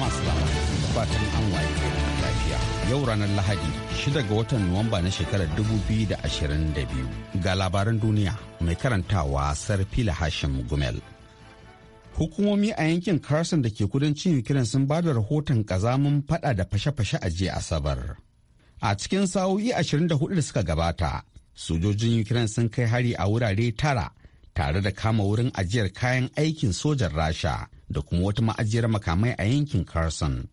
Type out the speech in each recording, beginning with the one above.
masu salamu alaikum fatan an waye lafiya yau ranar lahadi shida ga watan nuwamba na shekarar 2022 ga labaran duniya mai karantawa sarfila hashim gumel hukumomi a yankin carson da ke kudancin ukraine sun ba da rahoton kazamin fada da fashe-fashe a jiya asabar a cikin sa'o'i 24 da suka gabata sojojin ukraine sun kai hari a wurare tara tare da kama wurin ajiyar kayan aikin sojan rasha da kuma wata ma'ajiyar makamai a yankin carson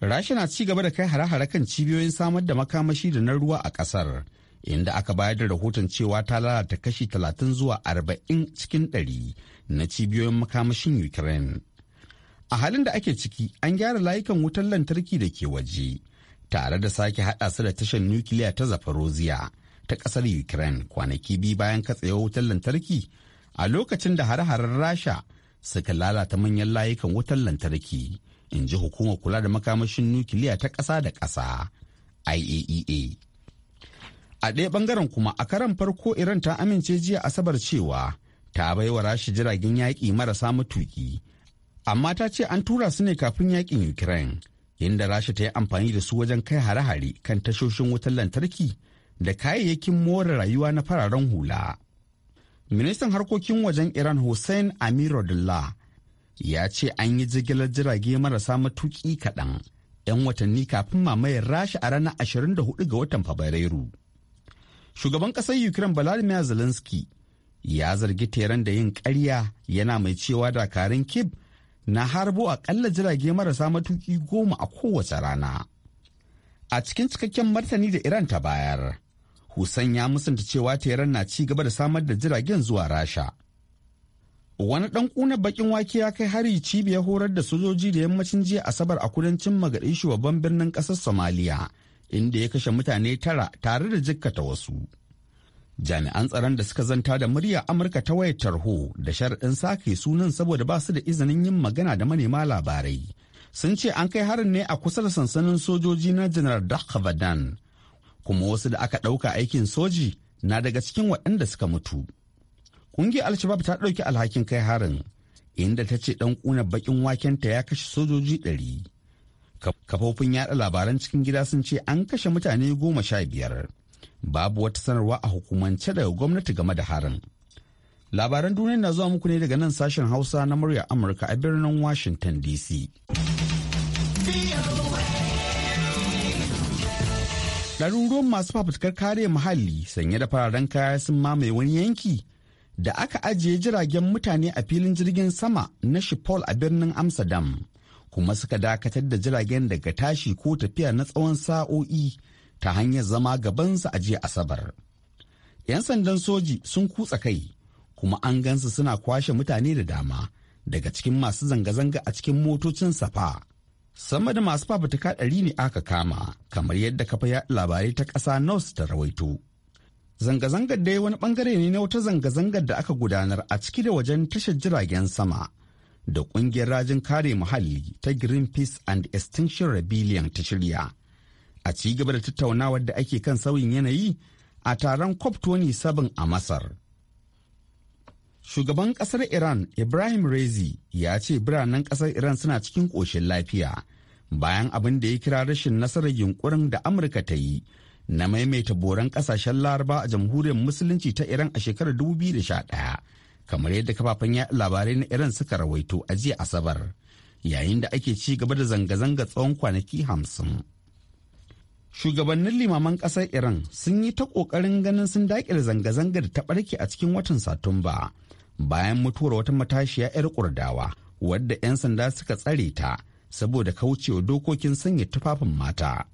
rasha na ci gaba da kai hare-hare kan cibiyoyin samar da makamashi da na ruwa a kasar inda aka bayar da rahoton cewa ta lalata kashi talatin zuwa arba'in cikin 100 na cibiyoyin makamashin ukraine a halin da ake ciki an gyara layukan wutar lantarki da ke waje tare da sake haɗa su da tashar nukiliya ta zafarozia ta ƙasar Ukraine kwanaki biyu bayan katsewa wutar lantarki a lokacin da hare-haren Rasha suka lalata manyan layukan wutar lantarki, in ji hukumar kula da makamashin nukiliya ta ƙasa da ƙasa IAEA. E a ɗaya ɓangaren kuma a karan farko Iran ta amince jiya Asabar cewa ta baiwa Rasha jiragen yaƙi marasa matuƙi, amma ta ce an tura su ne kafin yaƙin Ukraine. inda rasha ta yi amfani da su wajen kai hare-hare kan tashoshin wutar lantarki da kayayyakin more rayuwa na fararen hula. Ministan harkokin wajen Iran Hussein Amirullah ya ce an yi jigilar jirage marasa matuƙi kaɗan 'yan watanni kafin mamayar rashi a ranar 24 ga watan Fabrairu. Shugaban ƙasar Ukraine Volodymyr Zelensky ya zargi teran da yin ƙarya yana mai cewa dakarun kib na harbo aƙalla jirage marasa matuƙi goma a kowace rana. A cikin cikakken martani da Iran ta bayar, Hussein ya musanta cewa Tehran na ci gaba da samar da jiragen zuwa Rasha. Wani ɗan ƙuna bakin wake ya kai hari cibiyar horar da sojoji da yammacin jiya Asabar a kudancin Mogadishu babban birnin ƙasar Somalia, inda ya kashe mutane tara tare da jikkata wasu. Jami'an tsaron da suka zanta da murya Amurka ta wayar tarho da sharaɗin sake sunan saboda ba su da izinin yin magana da manema labarai. Sun ce an kai harin ne a kusa da sansanin sojoji na Janar Dakhavadan, kuma wasu da aka ɗauka aikin soji na daga cikin waɗanda suka mutu. Ƙungiyar Alshabab ta ɗauki alhakin kai harin inda ta ce ɗan ƙuna waken ta ya kashe sojoji ɗari. Kafofin yaɗa labaran cikin gida sun ce an kashe mutane goma sha biyar. Babu wata sanarwa a hukumance daga gwamnati game da harin. Labaran duniya na zuwa muku ne daga nan sashen Hausa na murya Amurka a birnin Washington DC. ɗaruruwan masu fafutukar kare muhalli sanye da fararen kaya sun mamaye wani yanki da aka ajiye jiragen mutane a filin jirgin sama na shipol a birnin Amsterdam kuma suka dakatar da jiragen daga tashi ko tafiya na tsawon sa'o'i ta hanyar zama gabansu a jiya Asabar. 'Yan sandan soji sun kutsa kai kuma an gansu suna kwashe mutane da dama daga cikin masu zanga-zanga a cikin motocin safa sama da masu fafutuka ɗari ne aka kama kamar yadda kafa yaɗa labarai ta ƙasa nos ta rawaito zanga-zangar dai wani bangare ne na wata zanga-zangar da aka gudanar a ciki da wajen tashar jiragen sama da ƙungiyar rajin kare muhalli ta greenpeace and extinction rebellion ta shirya a ci gaba da tattaunawar da ake kan sauyin yanayi a taron cop 27 a masar Shugaban ƙasar Iran Ibrahim Rezi ya ce biranen ƙasar Iran suna cikin koshin lafiya bayan abin da ya kira rashin nasarar yunkurin da Amurka ta yi na maimaita boran ƙasashen Laraba a jamhuriyar Musulunci ta Iran a shekarar 2011 kamar yadda kafafen labarai na Iran suka rawaito a jiya Asabar yayin da ake ci gaba da zanga-zanga tsawon kwanaki hamsin. shugabannin limaman ƙasar iran sun yi ta ƙoƙarin ganin sun daƙile zanga zanga da ta ɓarke a cikin watan satumba bayan mutuwar wata matashiya 'yar kurdawa wadda 'yan sanda suka tsare ta saboda kaucewa dokokin sanya tufafin mata.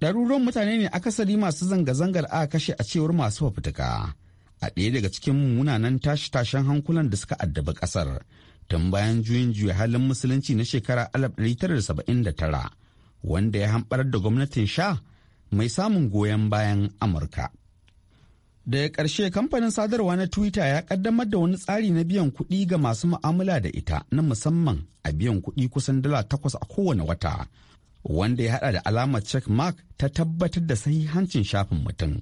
Ɗaruruwan mutane ne akasari masu zanga-zangar a kashe a cewar masu fafutuka. A ɗaya daga cikin munanan tashi-tashen hankulan da suka addabi ƙasar tun bayan juyin juya halin musulunci na shekara 1979 wanda ya hamɓar da gwamnatin sha mai samun goyon bayan Amurka. Daga ƙarshe kamfanin sadarwa na Twitter ya ƙaddamar da wani tsari na biyan kuɗi ga masu mu'amala da ita na musamman a biyan kuɗi kusan dala takwas a kowane wata, wanda ya haɗa da alamar check mark ta tabbatar da sahihancin shafin mutum.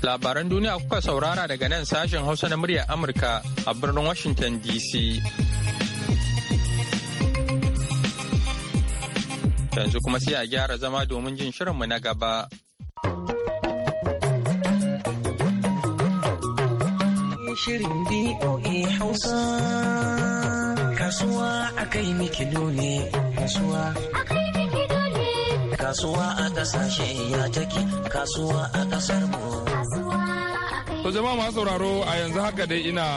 Labaran duniya kuka saurara daga nan sashen Hausa na muryar Amurka a birnin Washington DC. Yanzu kuma sai a gyara zama domin jin shirinmu na gaba. Shirin BOA Hausa Kasuwa a kai mikido ya take Kasuwa a kasar mu To jama'a masu sauraro a yanzu haka dai ina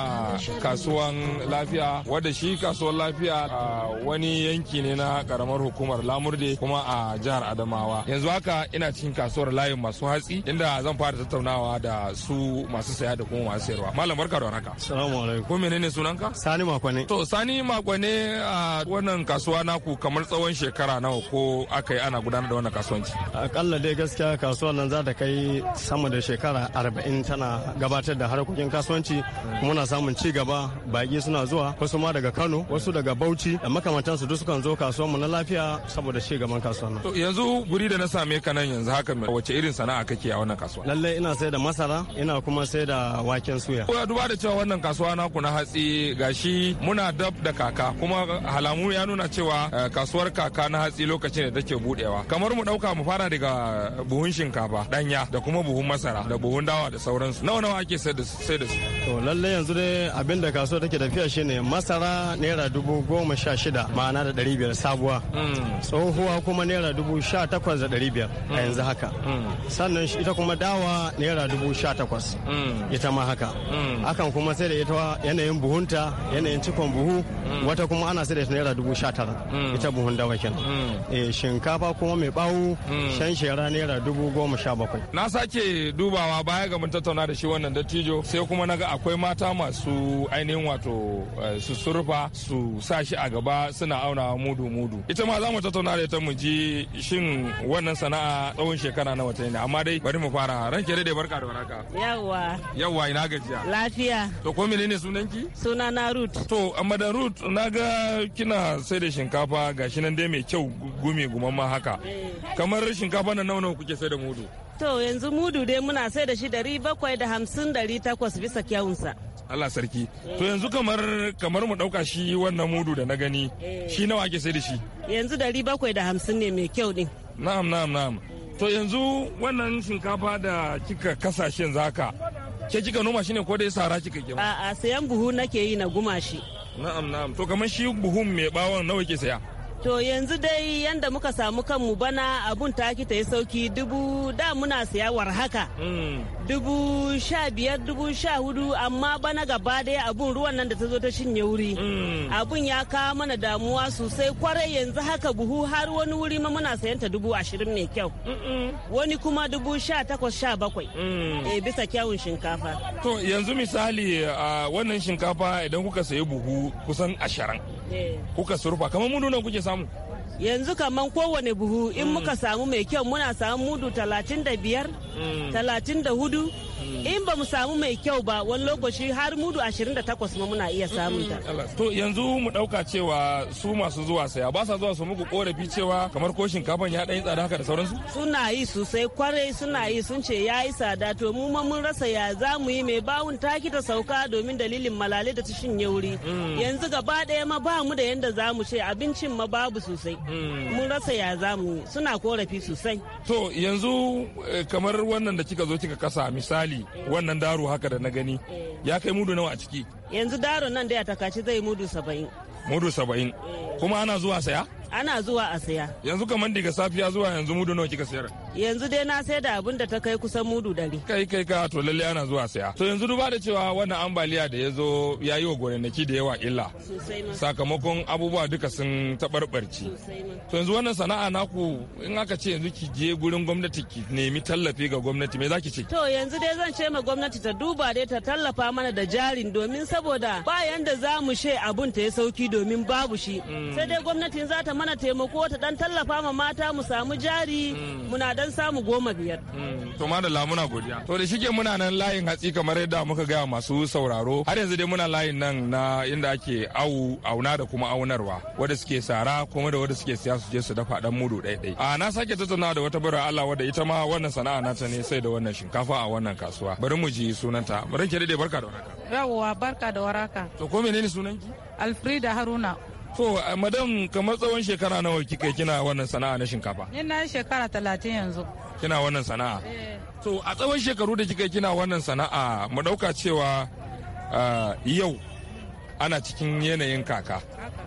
kasuwan lafiya wadda shi kasuwan lafiya a wani yanki ne na karamar hukumar Lamurde kuma a jihar Adamawa. Yanzu haka ina cikin kasuwar layin masu hatsi inda zan fara tattaunawa da su masu saya da kuma masu sayarwa. Malam barka da haka. Assalamu alaikum. Ko menene sunanka? Sani Makwane. To Sani Makwane a wannan kasuwa naku kamar tsawon shekara nawa ko aka yi ana gudanar da wannan kasuwanci? Akalla dai gaskiya kasuwar nan za ta kai sama da shekara arba'in tana gabatar da harkokin kasuwanci kuma na samun ci gaba baƙi suna zuwa wasu ma daga Kano wasu daga Bauchi da makamantansu duk sukan zo kasuwar mu na lafiya saboda ci gaban kasuwar To yanzu guri da na same ka nan yanzu haka wace irin sana'a kake a wannan kasuwa? Lalle ina sai da masara ina kuma sai da waken suya. Ko duba da cewa wannan kasuwa naku na hatsi gashi muna dab da kaka kuma halamu ya nuna cewa eh, kasuwar kaka na hatsi lokacin da take budewa. Kamar mu dauka mu fara daga buhun shinkafa danya da kuma buhun masara da buhun dawa da sauransu. Nawa nawa ake sai da su to lalle yanzu dai abin da kasuwa take tafiya shine masara naira dubu goma sha shida ma'ana da ɗari biyar sabuwa mm. tsohuwa kuma naira dubu sha takwas da ɗari biyar a mm. yanzu haka mm. sannan ita kuma dawa naira dubu sha takwas ita ma haka akan kuma sai da ita yanayin buhunta yanayin cikon buhu wata kuma ana sai da ita naira dubu sha tara ita buhun dawa kenan eh, shinkafa kuma mai bawu shan shera naira dubu goma sha bakwai na sake dubawa baya ga mun tattauna da shi wannan dattijo sai kuma naga akwai mata masu ainihin wato eh, su surfa su sa shi a gaba suna auna mudu mudu ita ma za mu tattauna da ita mu ji shin wannan sana'a tsawon shekara na wata ne amma dai bari mu fara ranke dai barka da waraka yawwa yawwa ina gajiya lafiya to ko menene sunanki suna na root to da root naga kina sai da shinkafa gashi nan dai mai kyau gumi gumamma haka eh. kamar shinkafa na nawa kuke sai da mudu To yanzu mudu dai muna sai da shi dari bakwai da hamsin dari takwas bisa kyawunsa. Allah sarki. To yanzu kamar kamar mu ɗauka shi wannan mudu da na gani shi nawa ake sai da shi? Yanzu dari bakwai da hamsin ne mai kyau ɗin. Na'am na'am na'am. To yanzu wannan shinkafa da kika kasashen zaka ke kika noma shi ne ko dai sara kika ke A'a sayan buhu nake yi na guma shi. Na'am na'am to kamar shi buhun mai bawon nawa ke saya? To yanzu dai yanda muka samu kanmu bana abun taki ta yi sauki dubu da muna siya haka. Hmm. dubu sha biyar dubu sha hudu amma bana gaba daya abun ruwan nan da ta zo ta shinye wuri mm. abun ya kawo mana damuwa sosai kwarai yanzu haka buhu har wani wuri ma muna sayan ta dubu ashirin mai kyau wani kuma dubu sha takwas sha bakwai e bisa kyawun shinkafa to yanzu misali a wannan shinkafa idan kuka sayi buhu kusan ashirin eh. kuka surfa kamar nuna kuke samu yanzu kaman kowane buhu in mm. muka samu mai kyau muna samu mudu talatin da biyar mm. talatin da hudu in ba mu samu mai kyau ba wani lokaci har mudu 28 ma muna iya samun ta mm. to yanzu mu dauka cewa su masu zuwa saya ba sa zuwa su muku korafi cewa kamar ko shinkafan ya dan tsada haka da sauransu suna yi sosai kwarai suna yi sun ce ya yi tsada to mu ma mun rasa ya za mu yi mai bawun taki ta sauka domin dalilin malale da ta shinye wuri mm. yanzu gaba daya ma ba mu da yanda za mu ce abincin ma babu sosai mm. mun rasa ya za mu suna korafi sosai to yanzu eh, kamar wannan da kika zo kika kasa misali dalili wannan daro haka da na gani eh. ya kai mudu nawa a ciki yanzu daro nan da ya takaci zai mudu saba'in mudu saba'in eh. kuma ana zuwa saya ana zuwa a saya yanzu kamar daga safiya zuwa yanzu mudu nawa kika sayar yanzu dai na sai da abin da ta kai kusan mudu dari kai kai ka to lalle ana zuwa saya to yanzu duba da cewa wannan ambaliya da ya zo ya yi wa gonannaki da yawa illa sakamakon abubuwa duka sun taɓarɓarci to yanzu wannan sana'a naku in aka ce yanzu ki je gurin gwamnati ki nemi tallafi ga gwamnati me zaki ce to yanzu dai zan ce ma gwamnati ta duba dai ta tallafa mana da jarin domin saboda ba yanda za mu she abun ta ya sauki domin babu shi mm. sai dai gwamnatin za ta mana taimako ta dan tallafa ma mata mu samu jari hmm. muna dan samu goma biyar. Hmm. To ma da lamuna godiya. To da shike muna nan layin hatsi kamar yadda muka gaya masu sauraro har yanzu dai muna layin nan na inda ake awu auna da kuma aunarwa wanda suke sara kuma da wanda suke siya su je su dafa dan mudu ɗaya ɗaya. A na sake tattauna da wata bara Allah wadda ita ma wannan sana'a nata ne sai da wannan shinkafa a wannan kasuwa. Bari mu ji sunanta. Bari ki dade barka da warhaka. Yawwa barka da warhaka. To ko menene sunanki? Alfrida Haruna. To, madam kamar tsawon shekara nawa kike kina wannan sana'a na shinkafa? Ni na shekara talatin yanzu. Kina wannan sana'a? Eh. To, a tsawon shekaru da kika kina wannan sana'a mu dauka cewa yau ana cikin yanayin kaka.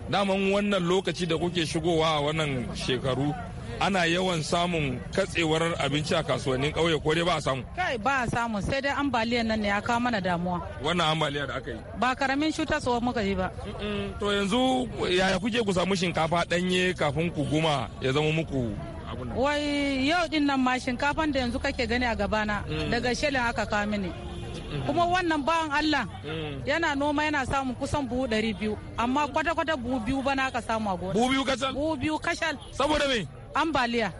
Daman wannan lokaci da kuke shigowa a wannan shekaru ana yawan samun katsewar abinci a kasuwannin ƙauye ko dai ba a samu kai ba a samu sai dai ambaliyar nan ne ya kawo mana damuwa wannan ambaliya da aka yi ba karamin cuta tsohon muka yi ba to yanzu yaya kuke ku samu shinkafa ɗanye kafin ku guma ya zama muku wai yau din nan ma shinkafan da yanzu kake gani a gabana mm. daga shelin aka kawo mini kuma wannan bawan Allah mm. yana noma yana samun kusan buhu ɗari biyu amma kwata-kwata buhu biyu bana aka samu a gona. Buhu biyu kashal? Buhu biyu kashal. Saboda me? ambaliya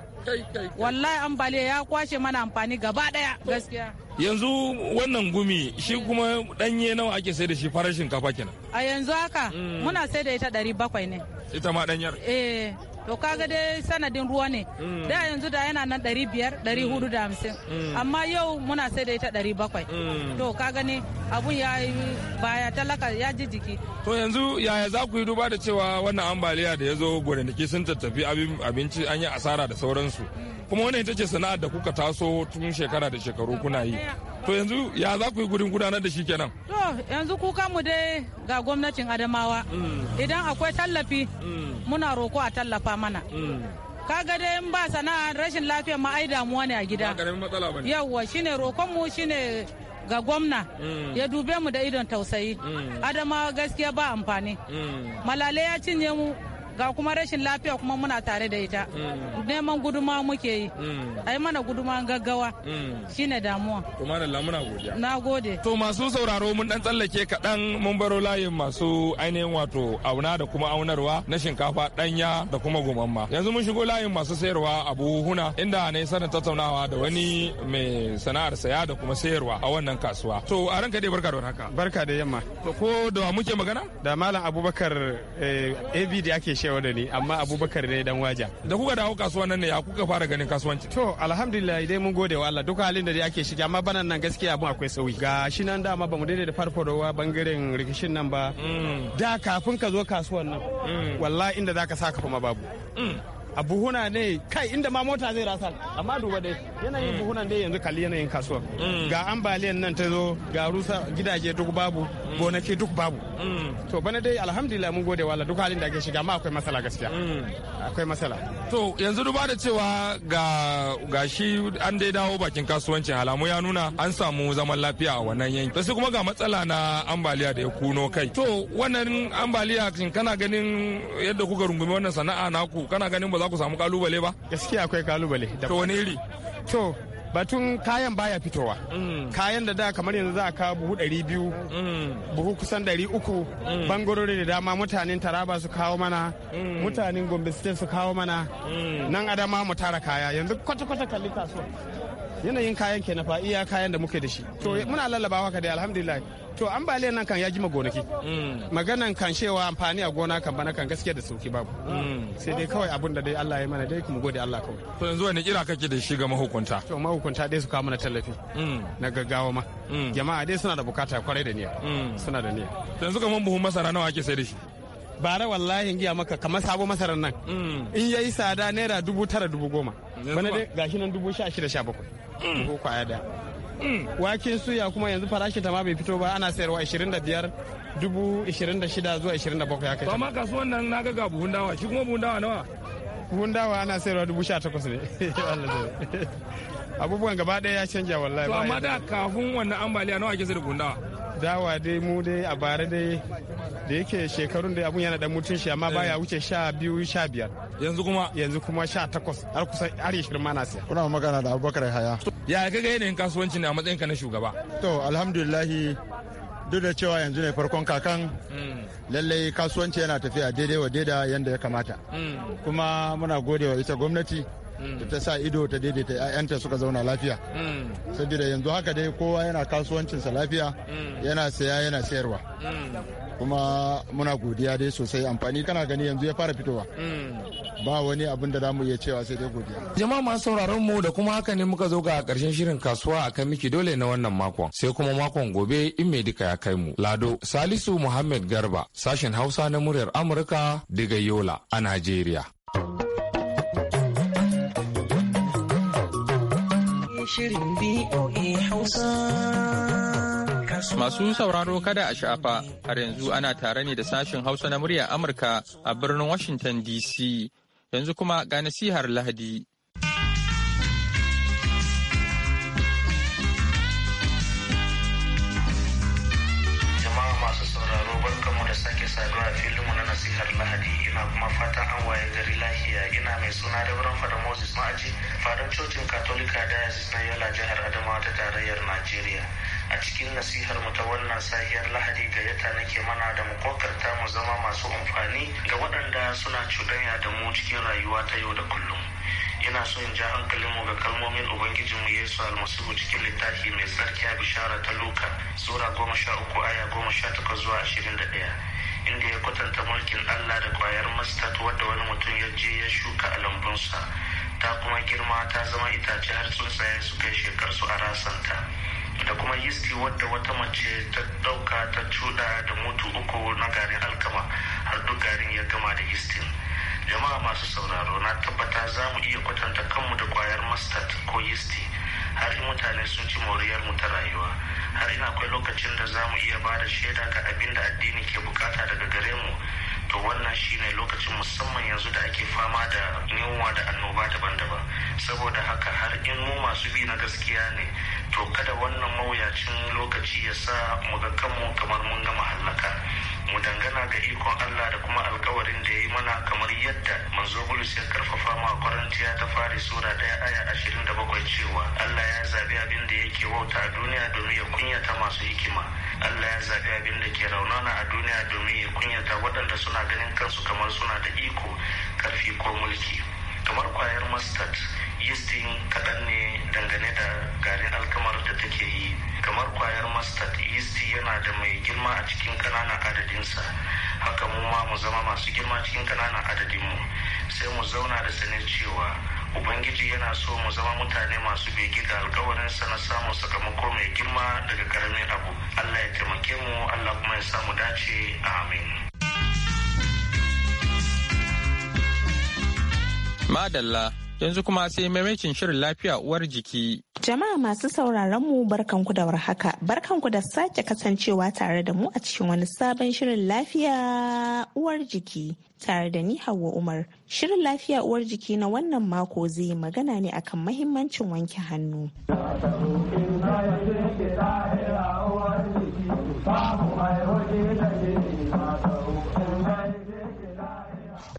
wallahi ambaliya ya kwashe mana amfani gaba daya gaskiya yanzu wannan gumi shi eh. kuma danye nawa ake sai da shi farashin kafa kenan a yanzu haka mm. muna sai da ita 700 ne ita ma danyar eh to kaga dai sanadin ruwa ne mm. da yanzu da yana nan ɗari biyar mm. hudu da hamsin mm. amma yau muna sai da ita 700 bakwai to ka gani abun ya yi baya talaka ya ji jiki to yanzu yaya za ku yi duba da cewa wannan ambaliya da ya zo gonaki sun tattafi abinci an yi asara da sauransu kuma wannan ita ce sana'ar da kuka taso tun shekara da shekaru kuna yi to yanzu ya za ku yi gudun gudanar da shi kenan to yanzu kuka mu dai ga gwamnatin adamawa idan akwai tallafi muna roko a tallafa mana mm. kaga dai in ba sana'a rashin lafiyar ma ai damuwa ne a gida yawwa shine roƙon mu shine ga gwamna mm. ya dube mu da idon tausayi mm. adama gaskiya ba amfani malale ya cinye mu ga kuma rashin lafiya kuma muna tare da ita mm. neman guduma muke yi mm. a yi mana guduma gaggawa mm. shine damuwa kuma da lamuna godiya na gode to masu sauraro mun dan tsallake kaɗan mun baro layin masu ainihin wato auna da kuma aunarwa na shinkafa ɗanya da kuma gumamma yanzu mun shigo layin masu sayarwa a buhuhuna inda ne sanin tattaunawa da wani mai sana'ar saya da kuma sayarwa a wannan kasuwa to a ranka dai barka da haka barka da yamma ko da muke magana da malam abubakar eh, abd ake shi cewa da ni amma abubakar ne dan waja da kuka dawo kasuwa nan ne ya kuka fara ganin kasuwanci to alhamdulillah dai mun gode wa Allah duka halin da dai ake shiga amma bana nan gaskiya abun akwai sauyi ga shi nan dama bamu daidai da farfarowa bangaren rikishin nan ba mm. da kafin ka zo kasuwan nan mm. wallahi inda zaka saka kuma babu mm. a buhuna ne kai inda ma mota zai rasa amma duba dai yanayin mm. buhunan dai yanzu kalli yanayin kasuwar mm. ga ambaliyan nan ta zo ga rusa gidaje duk babu mm. gonaki duk babu to bana dai alhamdulillah mun gode wala duk halin da ke shiga amma akwai matsala gaskiya akwai matsala to yanzu duba da cewa ga gashi shi an dai dawo bakin kasuwancin alamu ya nuna an samu zaman lafiya a wannan yanki sai kuma ga matsala na ambaliya da ya kuno kai to wannan ambaliya kana ganin yadda kuka rungumi wannan sana'a naku kana ganin ba za za ku samu kalubale ba gaskiya akwai kalubale to wani iri to batun kayan baya fitowa mm. kayan da da kamar yanzu za a kawo buhu ɗari biyu mm. buhu kusan ɗari uku mm. bangarori da dama mutanen taraba su kawo mana mutanen gombe state su kawo mana nan adama mu tara kaya yanzu kwata-kwata kalli kasuwa yanayin kayan kenan fa iya kayan da muke da shi to muna lallaba haka dai alhamdulillah to ambaliyar nan kan ya gima gonaki mm. maganan kan cewa amfani a gona kan bana kan gaskiya da sauki babu mm. sai dai kawai abun da dai Allah ya mana dai kuma gode Allah kawai to yanzu wani kira kake da shi ga mahukunta to mahukunta dai su kawo mana tallafi mm. na gaggawa ma jama'a dai suna da bukata kwarai da niyya suna da niyya yanzu kaman buhun masara nawa ake sai da shi bara wallahi giya maka kamar sabo masarar nan mm. in ya yi tsada naira dubu tara dubu goma bane dai gashi nan dubu sha shida sha bakwai mm. Dubu kwaya da mm. wakin suya kuma yanzu farashin ta ma bai fito ba ana sayarwa biyar dubu da shida zuwa da bakwai kai. Amma kasuwan nan na ga buhun dawa shi kuma buhun dawa nawa? Buhun dawa ana sayarwa dubu sha takwas ne. Abubuwan gaba ɗaya ya canja wallahi. To amma da kafin wannan ambaliya nawa ake sayar buhun dawa? Dawa dai mu dai a bara dai da yake shekarun da abun yana da mutun shi amma baya eh. wuce sha biyu sha biyar yanzu kuma yanzu kuma sha takwas har kusan har ishirin ma na siya kuna magana da abubakar haya ya ka ga yanayin kasuwanci ne a matsayinka na shugaba to alhamdulillahi duk da cewa yanzu ne farkon kakan hmm. lallai kasuwanci yana tafiya daidai wa daidai yadda ya kamata hmm. kuma muna gode wa ita gwamnati da mm. ta sa ido ta daidaita ta suka zauna lafiya mm. saboda yanzu haka dai kowa yana kasuwancinsa lafiya mm. yana saya yana sayarwa kuma muna godiya dai sosai amfani kana gani yanzu ya fara fitowa ba wani abin da mu iya cewa sai dai godiya jama'a masu sauraron mu da kuma haka ne muka zo ga karshen shirin kasuwa akan miki dole na wannan makon sai kuma makon gobe in mai duka ya kai mu lado salisu muhammad garba sashen hausa na muryar amurka daga yola a najeriya Masu sauraro kada a shafa, har yanzu ana tare ne da sashen Hausa na murya Amurka a birnin Washington DC. Yanzu kuma ga nasihar Lahadi. sake saduwa a filin mu na nasihar lahadi ina kuma fatan an waye gari lahiya ina mai suna da wurin fada moses ma'aji fadar cocin katolika diocese na yola jihar adamawa ta tarayyar najeriya a cikin nasihar mu ta wannan sahiyar lahadi gayyata nake mana da mu kokarta mu zama masu amfani ga waɗanda suna cuɗanya da mu cikin rayuwa ta yau da kullum ina so in ja mu ga kalmomin ubangijin mu yesu almasihu cikin littafi mai tsarki a bishara ta luka sura goma sha uku aya goma sha takwas zuwa ashirin da ɗaya kwatanta mulkin Allah da kwayar mustard wadda wani mutum ya je ya shuka a lambunsa ta kuma girma ta zama itace har tsuntsaye su kai shekarsu a rasanta da kuma yisti wadda wata mace ta ɗauka ta cuda da mutu uku na garin alkama har duk garin ya gama da yistin jama'a masu sauraro na tabbata za mu iya kwatanta kanmu da kwayar mustard ko yisti har mutane sun ci moriyar mu ta rayuwa har ina akwai lokacin da za mu iya ba da shaida ga abin da addini ke bukata daga gare mu to wannan shine lokacin musamman yanzu da ake fama da yunwa da annoba daban-daban saboda haka har in mu masu bi na gaskiya ne to kada wannan mawuyacin lokaci ya sa mu ga kanmu kamar mun gama hallaka mu dangana ga ikon Allah da kuma alkawarin da ya yi mana kamar yadda manzo Bulus ya karfafa ma Korintiya ta fari sura daya aya ashirin da bakwai cewa Allah ya zabi abin da yake wauta a duniya domin ya kunyata masu hikima Allah ya zabi abin da ke raunana a duniya domin ya kunyata waɗanda suna ganin kansu kamar suna da iko karfi ko mulki kamar kwayar mustard yistin kaɗan ne dangane da garin alkamar da take yi kamar kwayar mustard yeast yana da mai girma a cikin kananan adadinsa haka mu ma mu zama masu girma cikin kananan adadinmu sai mu zauna da sanin cewa ubangiji yana so mu zama mutane masu bege da alkawarinsa na samun sakamako mai girma daga karamin abu allah ya taimake mu allah kuma ya samu dace amin madalla yanzu kuma sai maimacin shirin lafiya uwar jiki. Jama'a masu sauraron mu barkanku da warhaka, barkanku da sake kasancewa tare da mu a cikin wani sabon shirin lafiya uwar jiki tare da ni Hauwa Umar. Shirin lafiya uwar jiki na wannan mako zai magana ne akan mahimmancin wanke hannu. Babu mai da ke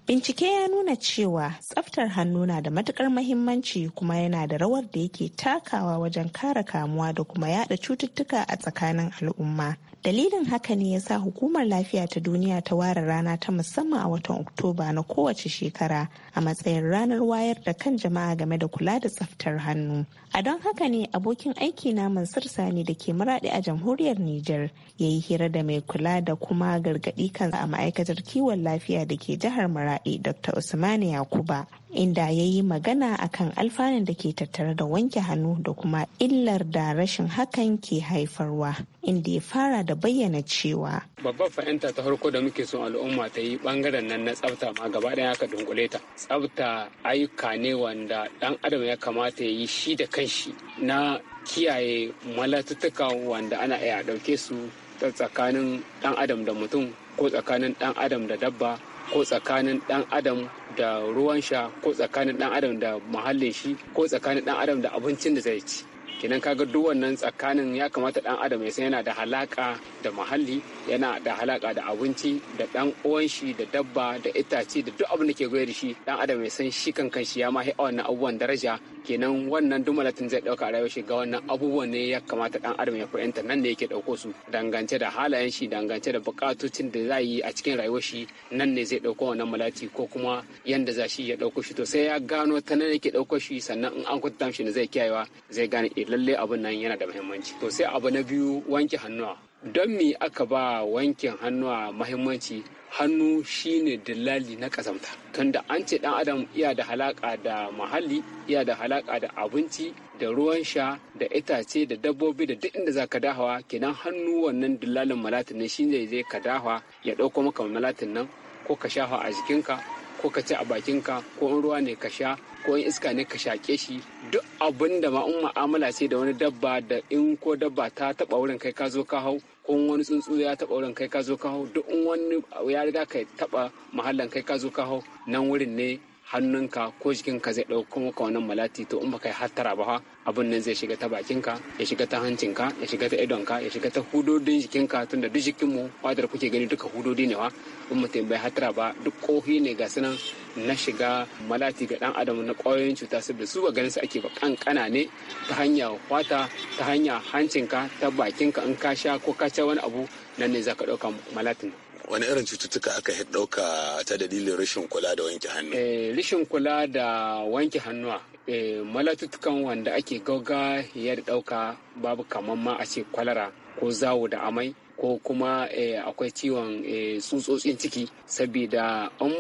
Bincike ya nuna cewa tsaftar hannu na da matukar mahimmanci kuma yana da rawar da yake takawa wajen kare kamuwa da kuma yada cututtuka a tsakanin al'umma. Dalilin haka ne ya sa hukumar lafiya ta duniya ta ware rana ta musamman a watan Oktoba na kowace shekara a matsayin ranar wayar da kan jama'a game da kula da tsaftar hannu. A don haka ne abokin aiki na Mansur Sani da ke muradi a jamhuriyar Nijar ya yi hira da mai kula da kuma gargaɗi kan a ma'aikatar kiwon lafiya da ke jihar Maraɗi Dr. Usmani Yakuba inda ya yi magana akan alfanun da ke tattare da wanke hannu da kuma illar da rashin hakan ke haifarwa inda ya fara da bayyana cewa babban fahimta ta farko da muke son al'umma ta yi bangaren nan na tsabta ma gaba ɗaya aka dunkule ta tsabta ayyuka ne wanda ɗan adam ya kamata ya yi shi da kanshi na kiyaye malatuttuka wanda ana iya ɗauke su ta tsakanin ɗan adam da mutum ko tsakanin ɗan adam da dabba ko tsakanin dan adam da ruwan sha ko tsakanin dan adam da muhallin shi ko tsakanin dan adam da abincin da zai ci kenan kaga duk wannan tsakanin ya kamata dan adam ya san yana da halaka da muhalli yana da halaka da abinci da dan uwan shi da dabba da itace da duk abin da ke goye da shi dan adam ya san shi kan shi ya ma hi wannan abubuwan daraja kenan wannan malatin zai dauka a rayuwar shi ga wannan abubuwan ne ya kamata dan adam ya fahimta nan ne yake dauko su dangance da halayen shi dangance da bukatocin da za yi a cikin rayuwar shi nan ne zai dauko wannan malati ko kuma yanda za shi ya dauko shi to sai ya gano ta nan yake dauko shi sannan in an kwatanta shi ne zai kiyayewa zai gane eh, lalle abin nan yana da muhimmanci to sai abu na biyu wanke hannuwa don me aka ba wankin hannuwa muhimmanci hannu shine dillali na kazamta tunda an ce dan adam iya da halaka da muhalli iya da halaka da abinci da ruwan sha da itace da dabbobi da duk inda zaka dahawa kenan hannu wannan dillalin malatin shi shine zai ka dahawa ya dauko maka malatin nan ko ka shafa a jikinka ko ka ci a bakinka ko in ruwa ne ka sha ko in iska ne ka shaƙe shi duk abin da ma ma'amala sai ce da wani dabba da in ko dabba ta taɓa wurin kai ka zo ka hau ko wani tsuntsu ya taɓa wurin kai ka zo ka hau duk wani ya riga ka taba mahallan kai ka zo ka hau nan wurin ne hannunka ko jikinka zai ɗauko maka wannan malati to in baka yi hattara ba abin nan zai shiga ta bakinka ya shiga ta hancinka ya shiga ta idonka ya shiga ta hudodin jikinka tunda duk mu wadar kuke gani duka hudodi ne wa in mutum bai hattara ba duk kohi ne ga sunan na shiga malati ga dan adam na ƙwayoyin cuta saboda su ba ganin su ake ba kankana ne ta hanya kwata ta hanya hancinka ta bakinka in ka sha ko ka sha wani abu nan ne za ka ɗauka malatin wani irin cututtuka aka ɗauka ta dalilin rashin kula da wanke hannu eh, rashin kula da wanke hannuwa eh, malatuttukan wanda ake gauga ya ɗauka babu kamar ma a ce kwalara ko zawo da amai ko kuma eh, akwai ciwon tsutsotsin ciki saboda in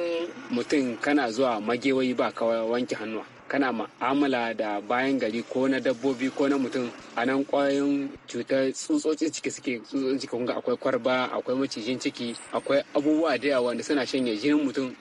mutum kana zuwa magewayi ba ka wanke hannuwa kana ma'amala da bayan gari ko na dabbobi ko na mutum a nan kwayoyin cutar tsutsotsi ciki suke tsutsotsi ciki kunga akwai kwarba akwai macijin ciki akwai abubuwa da yawa wanda suna shanye jinin mutum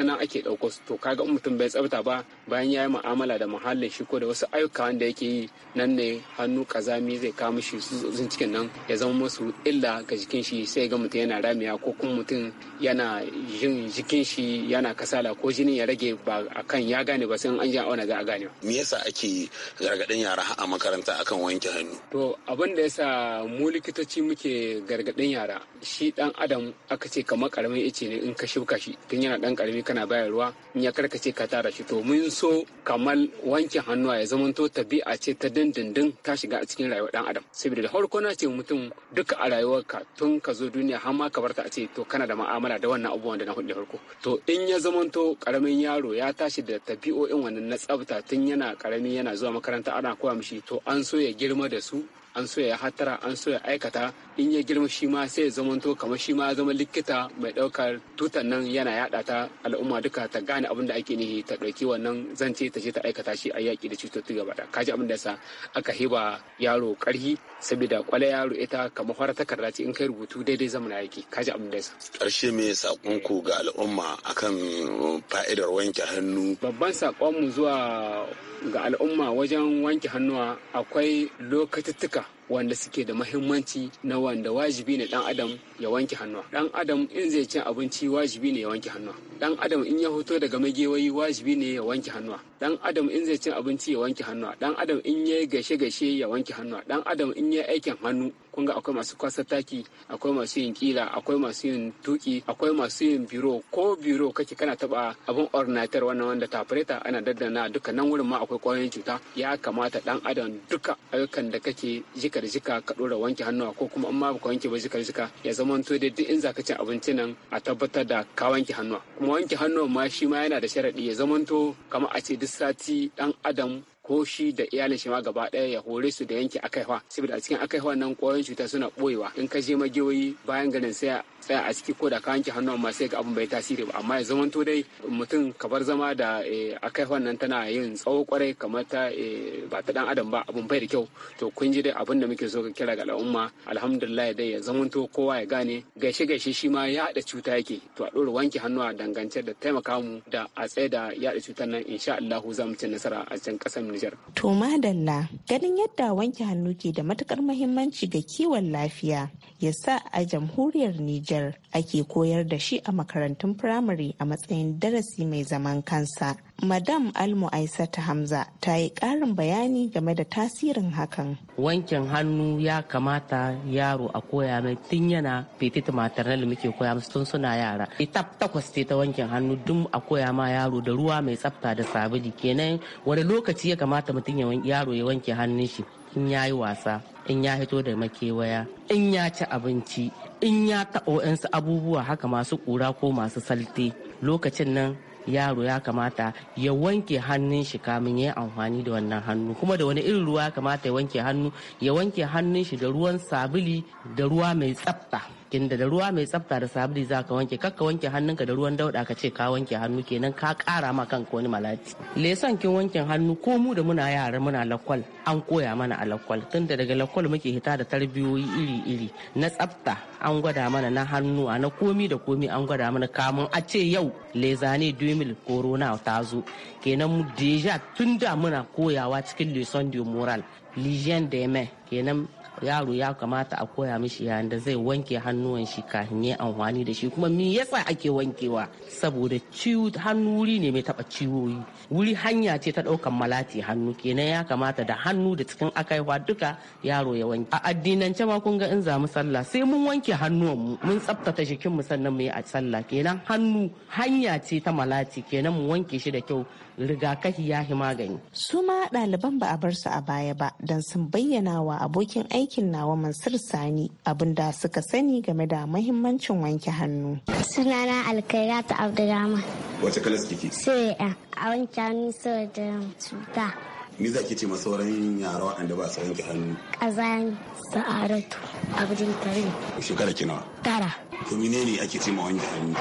ta nan ake ɗauko su to kaga in mutum bai tsabta ba bayan ya yi mu'amala da muhallin shi ko da wasu ayyuka wanda yake yi nan ne hannu kazami zai kawo mishi sun cikin nan ya zama musu illa ga jikin shi sai ga mutum yana ramiya ko kuma mutum yana jin jikin shi yana kasala ko jinin ya rage ba akan ya gane ba sai an ji auna za a gane me yasa ake gargadin yara a makaranta akan wanke hannu to abin da yasa mu likitoci muke gargaɗin yara shi ɗan adam aka ce kamar karamin ice ne in ka shuka shi tun yana ɗan karami kana bayarwa in ya karkace ka tara shi to mun so kamar wanke hannuwa ya zamanto tabi'a ce ta dindindin ta shiga a cikin rayuwar dan adam saboda da farko na ce mutum duka a rayuwarka tun ka zo duniya har ma ka barta a ce to kana da ma'amala da wannan abubuwan da na hudu farko to in ya zamanto karamin yaro ya tashi da tabi'o'in wannan na tsafta tun yana karami yana zuwa makaranta ana koya mishi to an so ya girma da su an so ya hatara an so ya aikata in ya girma shi ma sai ya zamanto kamar shi ma zama likita mai ɗaukar tutan nan yana yaɗata ta al'umma duka ta gane abin da ake nihi ta ɗauki wannan zance ta ce ta aikata shi a yaki da cututtuka gaba da kaji abin da sa aka hiba yaro karhi saboda kwale yaro ita kamar fara takarda ce in kai rubutu daidai zamana yake kaji abin da yasa karshe me sakon ku ga al'umma akan uh, fa'idar wanke hannu babban sakon mu zuwa ga al'umma wajen wanke hannuwa akwai lokacittuka wanda suke da mahimmanci na wanda wajibi ne dan adam ya wanke hannuwa dan adam in zai cin abinci wajibi ne ya wanke hannuwa dan adam in ya hoto daga magewayi wajibi ne ya wanke hannuwa dan adam in zai cin abinci ya wanke hannuwa dan adam in ya gashe-gashe ya wanke hannuwa dan adam in ya aikin hannu kun ga akwai masu kwasa taki akwai masu yin kila akwai masu yin tuki akwai masu yin biro ko biro kake kana taba abin ornatar wannan wanda tafureta ana daddana duka nan wurin ma akwai kwayoyin cuta ya kamata dan adam duka ayyukan da kake jika jika ka dora wanke hannuwa ko kuma in ma baka wanke ba jika jika ya zama to dai duk in zaka ci abinci nan a tabbatar da ka wanke hannuwa kuma wanke hannuwa ma shi ma yana da sharadi ya zama to kamar a ce duk sati dan adam ko shi da iyalin shi ma gaba ɗaya ya hore su da yanke akaiwa saboda a cikin akaiwa nan ƙwayoyin cuta suna ɓoyewa in ka je magiyoyi bayan garin sai tsaya a ciki ko da ka wanke hannu amma sai ga abin bai tasiri ba amma ya zamanto dai mutum ka bar zama da eh, kai wannan tana yin tsawo kwarai kamar ta eh, ba ta dan adam ba abin bai da kyau to kun ji dai abin da muke so ka kira ga al'umma alhamdulillah dai ya zamanto kowa ya gane gaishe gaishe shi ma ya haɗa cuta yake to a ɗora wanke hannuwa dangance da taimaka mu da a tsaye da yaɗa cutar nan insha Allah za mu ci nasara a can ƙasar Nijar. To madalla ganin yadda wanke hannu ke da matukar muhimmanci ga kiwon lafiya ya sa a jamhuriyar Nijar biyar ake koyar da shi a makarantun firamare a matsayin darasi mai zaman kansa. Madam Almu Aisata Hamza ta yi ƙarin bayani game da tasirin hakan. Wankin hannu ya kamata yaro a koya mai tun yana petit maternal muke koya masu tun suna yara. Itap takwas ce ta wankin hannu dun a koya ma yaro da ruwa mai tsafta da sabulu kenan wani lokaci ya kamata mutum ya yaro ya wanke hannun shi in ya yi wasa in ya hito da makewaya in ya ci abinci in ya taɓa waɗansu abubuwa haka masu ƙura ko masu salte lokacin nan yaro ya kamata ya wanke hannun shi kamin ya yi amfani da wannan hannu kuma da wani irin ruwa ya kamata ya wanke hannu ya wanke hannun shi da ruwan sabili da ruwa mai tsafta kin da ruwa mai tsafta da sabuli za ka wanke kakka wanke hannunka da ruwan dauda ka ce ka wanke hannu kenan ka kara ma kanka wani malati lesan kin wankin hannu ko mu da muna yara muna lakwal an koya mana a lakwal tunda daga lakwal muke hita da tarbiyoyi iri-iri na tsafta an gwada mana na hannu a na komi da komi an gwada mana kamun a ce yau lezane 2000 corona ta zo kenan mu deja tun muna koyawa cikin leson de moral des de kenan yaro ya kamata a koya mishi yayin da zai wanke hannuwan shi kafin ya amfani da shi kuma me yasa ake wankewa saboda ciwo hannu wuri ne mai taba ciwoyi wuri hanya ce ta daukan malati hannu kenan ya kamata da hannu da cikin akaiwa duka yaro ya wanke a addinance ma kun ga in zamu sallah sai mun wanke hannuwan mu mun tsaftace jikin mu sannan mu yi a sallah kenan hannu hanya ce ta malati kenan mu wanke shi da kyau rigakafi ya magani su ma ɗaliban ba a bar su a baya ba don sun bayyana wa abokin aiki aikin nawa Mansur Sani abinda suka sani game da mahimmancin wanke hannu. Sunana Alkaira ta Abdulrahman. Wace kalas kike? Sai eh, a wanke hannu da cuta. Me za ki ce ma sauran yara waɗanda ba su wanke hannu? Kazan Sa'aratu Abdul Karim. Shekara ki nawa? Tara. To menene ake ce ma wanke hannu?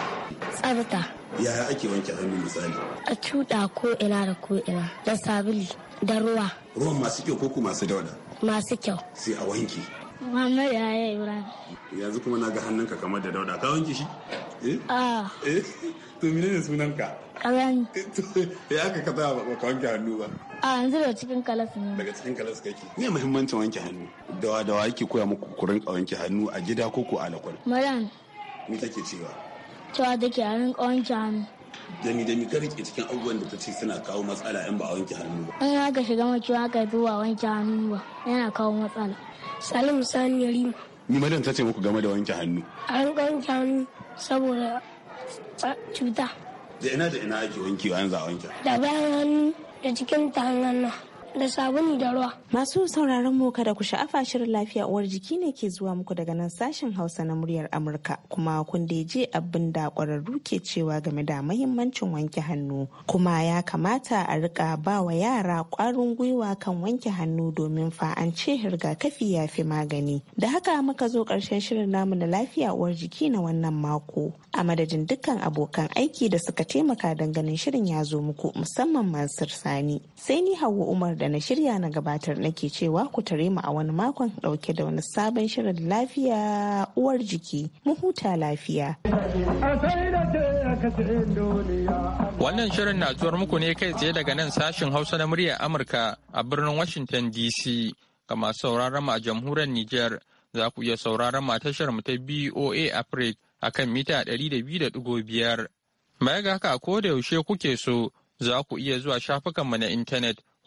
Tsabta. Yaya ake wanke hannu misali? A cuɗa ko ina da ko ina da sabuli da ruwa. Ruwan masu kyau ko masu dauda? masu kyau sai a wanki Muhammad yi Ibrahim. Yanzu kuma na ga hannunka kamar da dauda. Ka wanke shi? Eh? Ah. Eh? To mine ne sunanka? Kalani. Ya eh, eh, aka ka ba ka wanke hannu ba? Ah, yanzu daga cikin kalas ne. Daga cikin kalas kake. Me muhimmancin wanke hannu? Dawa dawa yake koya muku ku rinka wanke hannu a gida ko ko a lakwal? Maran. Me take cewa? Cewa take a rinka wanke hannu. dami dami ka rike cikin abubuwan da ta ce suna kawo matsala in ba a wanke hannu ba. In aka shiga maciwa aka zo a wanke hannu ba yana kawo matsala. Salim Sani rima Ni madan ta ce muku game da wanke hannu. A rinka wanke hannu saboda cuta. Da ina da ina ake wankewa yanzu a wanke. Da bayan hannu da cikin ta nan. da sabulu da ruwa. Masu sauraron mu kada ku sha'afa shirin lafiya uwar jiki ne ke zuwa muku daga nan sashen Hausa na muryar Amurka kuma kun da je abin da ƙwararru ke cewa game da mahimmancin wanke hannu kuma ya kamata a rika ba wa yara ƙwarin gwiwa kan wanke hannu domin fa an ce kafi ya fi magani. Da haka muka zo ƙarshen shirin namu na lafiya uwar jiki na wannan mako. A madadin dukkan abokan aiki da suka taimaka ganin shirin ya zo muku musamman Mansur Sani. Sai ni Hauwa Umar da na shirya na gabatar nake cewa ku tare mu a wani makon dauke da wani sabon shirin lafiya uwar jiki mu huta lafiya. Wannan shirin na zuwar muku ne kai tsaye daga nan sashin Hausa na muryar Amurka a birnin Washington DC ga masu sauraron mu a jamhuriyar Nijar za ku iya sauraron mu a tashar mu ta BOA Africa akan mita ɗari da da biyu 200.5. Baya ga haka ko da yaushe kuke so za ku iya zuwa shafukanmu na intanet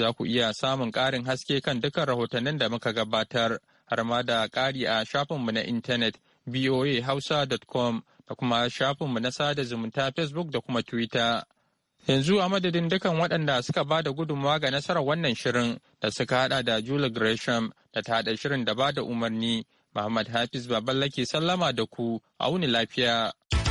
Za ku iya samun ƙarin haske kan dukkan rahotannin da muka gabatar har ma da ƙari a shafinmu na intanet voahausa.com da kuma shafinmu na sada zumunta Facebook da kuma Twitter. Yanzu a madadin dukan waɗanda suka ba da gudunmawa ga nasarar wannan shirin da suka haɗa da Julie Gresham da ta haɗa shirin da ba da umarni, Muhammad Hafiz ke sallama da ku, a wuni lafiya.